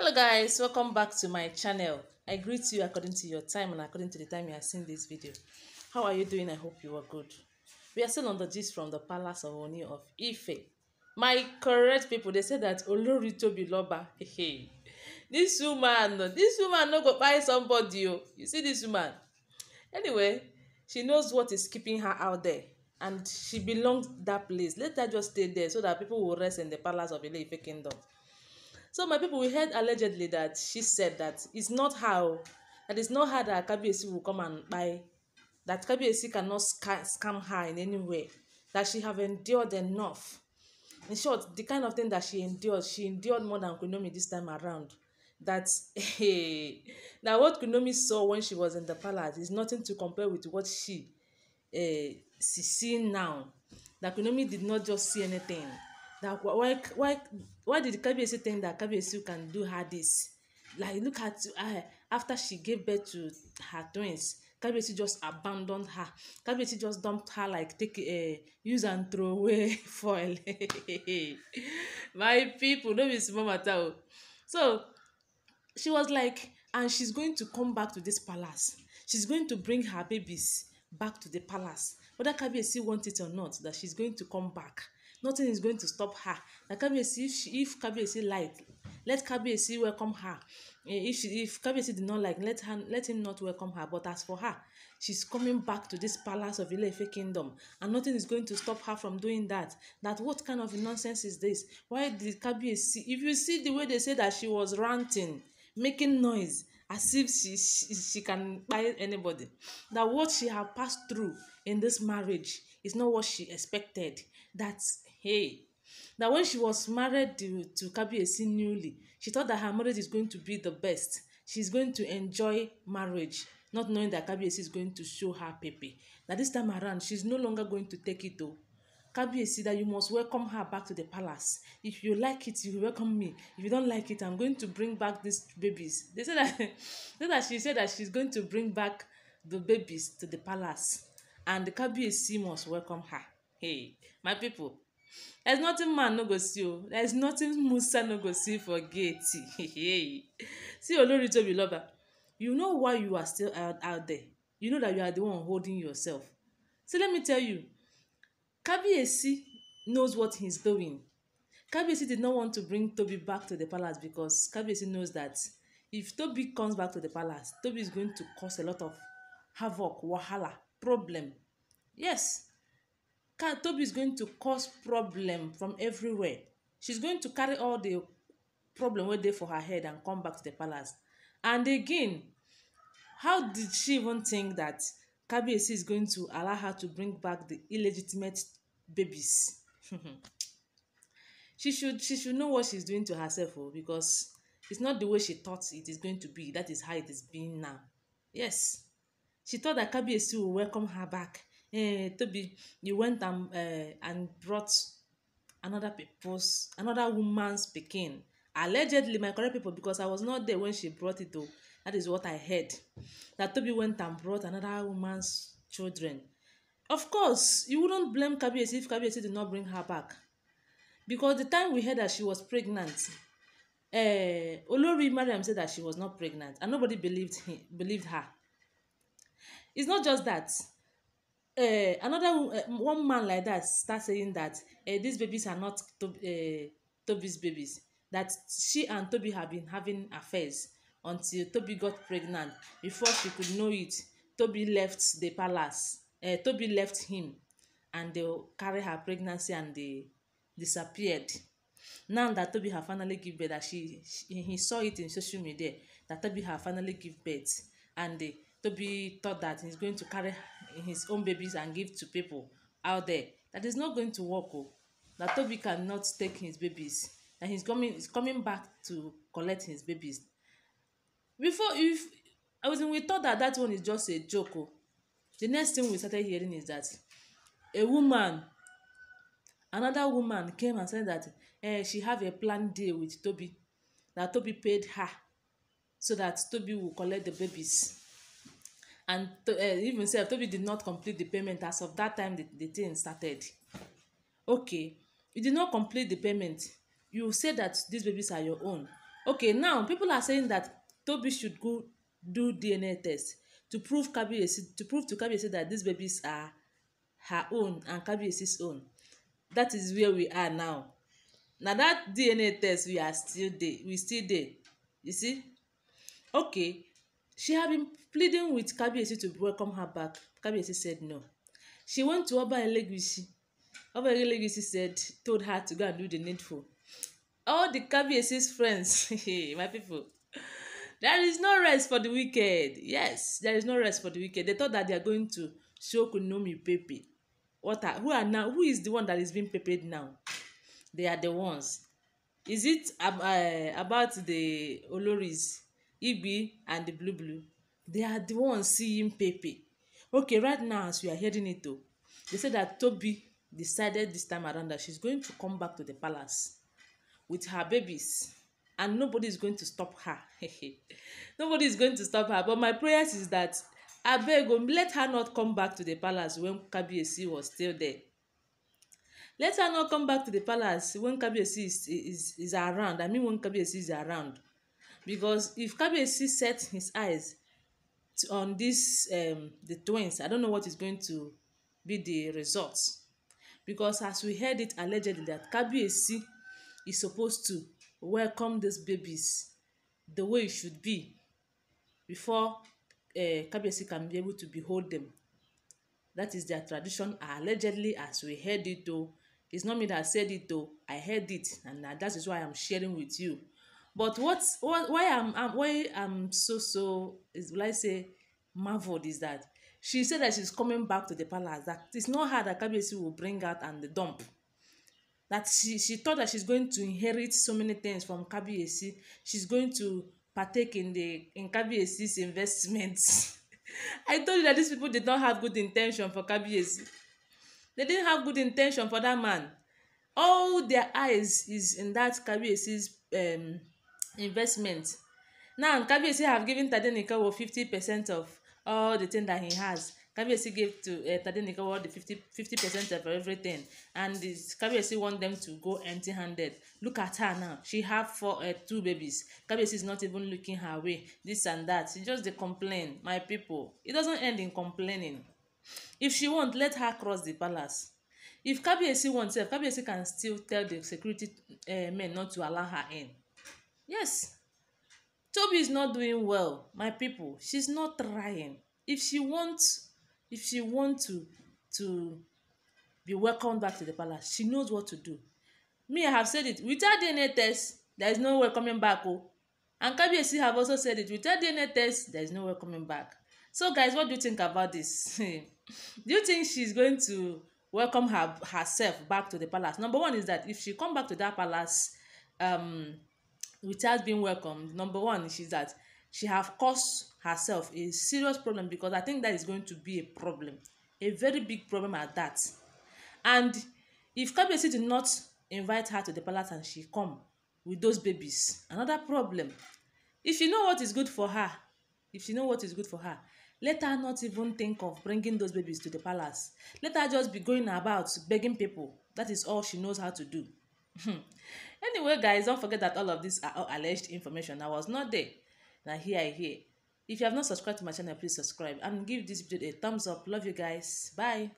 hello guys welcome back to my channel i greet you according to your time and according to the time you have seen this video how are you doing i hope you are good we are still on the gist from the palace of oni of ife my correct people they say that olori tobi loba hey this woman this woman no go buy somebody o oh. you see this woman anyway she knows what is keeping her out there and she belongs that place let her just stay there so that people will rest in the palace of ile ife kingdom so my people we heard allegedly that she said that it's not how oh, that it's not how that kabiyesi will come and buy that kabiyesi cannot scam, her in any way that she have endured enough in short the kind of thing that she endured she endured more than kunomi this time around that hey, that what kunomi saw when she was in the palace is nothing to compare with what she uh, she see now that kunomi did not just see anything that why why why did Kabiyesi think that Kabiyesi can do her this like look at her eh, after she gave birth to her twins Kabiyesi just abandoned her Kabiyesi just dumped her like take uh, use and throw away foil my people no be small matter o oh. so she was like and she's going to come back to this palace she's going to bring her babies back to the palace whether Kabiyesi want it or not that she's going to come back nothing is going to stop her na kabiyesi if she if kabiyesi like let kabiyesi welcome her eh, if she if kabiyesi did not like let her let him not welcome her but as for her she's coming back to this palace of ileife kingdom and nothing is going to stop her from doing that that what kind of nonsense is this why did kabiyesi if you see the way they say that she was ranting making noise as if she she, she can buy anybody that what she have passed through in this marriage is not what she expected that hey that when she was married to, to Kabiyesi newly she thought that her marriage is going to be the best she's going to enjoy marriage not knowing that Kabiyesi is going to show her pepe that this time around she's no longer going to take it o Kabiyesi that you must welcome her back to the palace if you like it you welcome me if you don't like it i'm going to bring back these babies they say that they say that she say that she's going to bring back the babies to the palace and the Kabiyesi must welcome her hey my people there's nothing man no go see o there's nothing musa no go see for gate hey see olori tobi loba you know why you are still out, out there you know that you are the one holding yourself so let me tell you kabiyesi knows what he's doing kabiyesi did not want to bring tobi back to the palace because kabiyesi knows that if tobi comes back to the palace tobi is going to cause a lot of havoc wahala problem yes Toby is going to cause problem from everywhere. She's going to carry all the problem with her for her head and come back to the palace. And again, how did she even think that Kabiyesi is going to allow her to bring back the illegitimate babies? she should she should know what she's doing to herself oh, because it's not the way she thought it is going to be. That is how it is being now. Yes, she thought that Kabiyesi will welcome her back eh, Toby, you went and, uh, and brought another people's, another woman's pekin. Allegedly, my correct people, because I was not there when she brought it Though That is what I heard. That Toby went and brought another woman's children. Of course, you wouldn't blame Kabiyesi if Kabiyesi did not bring her back. Because the time we heard that she was pregnant, uh, Olori Mariam said that she was not pregnant and nobody believed him, believed her. It's not just that uh, another uh, one man like that start saying that uh, these babies are not Tob uh, Toby's babies that she and Toby have been having affairs until Toby got pregnant before she could know it Toby left the palace uh, Toby left him and they carry her pregnancy and they disappeared now that Toby had finally give birth that she, she he saw it in social media that Toby had finally give birth and they, Toby thought that he's going to carry his own babies and give to people out there that is not going to work o oh. That toby cannot take his babies and he's coming he's coming back to collect his babies before if i was we thought that that one is just a joke o oh. the next thing we started hearing is that a woman another woman came and said that eh, she have a planned deal with toby that toby paid her so that toby will collect the babies and to, uh, even self tobi did not complete the payment as of that time the, the thing started okay you did not complete the payment you say that these babies are your own okay now people are saying that tobi should go do dna test to prove kabiyesi to prove to kabiyesi that these babies are her own and kabiyesi's own that is where we are now na that dna test we are still dey we still dey you see okay She had been pleading with Kabiyesi to welcome her back. Kabiyesi said no. She went to Oba Elegushi. Oba Elegushi said, told her to go and do the needful. All the Kabiyesi's friends, my people, there is no rest for the wicked. Yes, there is no rest for the wicked. They thought that they are going to show Kunomi Pepe. What are, who are now? Who is the one that is being pepe now? They are the ones. Is it ab uh, about the Oloris? Igbi, e and the Blue Blue. They are the ones seeing Pepe. Okay, right now, as we are hearing it, though, they say that Toby decided this time around that she's going to come back to the palace with her babies and nobody is going to stop her. nobody is going to stop her. But my prayers is that abeg o let her not come back to the palace when Kabiyesi was still there. Let her not come back to the palace when Kabiyesi is, is, is around. I mean when Kabiyesi is around because if Kabiyesi set his eyes to, on this um, the twins I don't know what is going to be the result because as we heard it allegedly that Kabiyesi is supposed to welcome these babies the way it should be before uh, Kabiyesi can be able to behold them that is their tradition allegedly as we heard it though it's not me that said it though I heard it and uh, that is why I'm sharing with you But what's what, why I'm, I'm why I'm so so is will I say marveled is that she said that she's coming back to the palace. That it's not her that Kabiyesi will bring out and dump. That she she thought that she's going to inherit so many things from Kabiyesi. She's going to partake in the in Kabiyesi's investments. I told you that these people did not have good intention for Kabiyesi. They didn't have good intention for that man. All their eyes is in that Kabiyesi's um, investment now kabiyesi have given tadenikawo fifty percent of all the thing that he has kabiyesi gave to uh, eh, tadenikawo the fifty fifty percent of everything and this kabiyesi want them to go empty handed look at her now she have four uh, two babies kabiyesi is not even looking her way this and that she just dey complain my people it doesn't end in complaining if she want let her cross the palace if kabiyesi want sef kabiyesi can still tell the security uh, men not to allow her in Yes, Toby is not doing well, my people. She's not trying. If she wants, if she wants to to be welcomed back to the palace, she knows what to do. Me, I have said it. Without DNA test, there is no welcoming back. Oh, and Kabiyesi have also said it. Without DNA test, there is no welcoming back. So, guys, what do you think about this? do you think she's going to welcome her herself back to the palace? Number one is that if she come back to that palace, um without being welcomed. Number one is that she have caused herself a serious problem because I think that is going to be a problem, a very big problem at that. And if Kabiyesi did not invite her to the palace and she come with those babies, another problem. If you know what is good for her, if you know what is good for her, let her not even think of bringing those babies to the palace. Let her just be going about begging people. That is all she knows how to do. Hmm. anyway, guys, don't forget that all of these are all alleged information. I was not there. Now here I hear. If you have not subscribed to my channel, please subscribe and give this video a thumbs up. Love you guys. Bye.